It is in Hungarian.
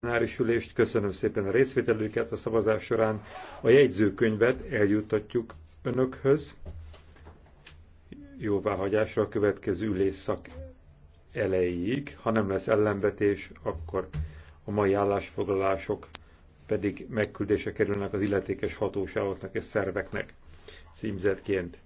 plenáris ülést, köszönöm szépen a részvételüket a szavazás során. A jegyzőkönyvet eljuttatjuk önökhöz. Jóváhagyásra a következő ülésszak elejéig. Ha nem lesz ellenvetés, akkor a mai állásfoglalások pedig megküldése kerülnek az illetékes hatóságoknak és szerveknek címzetként.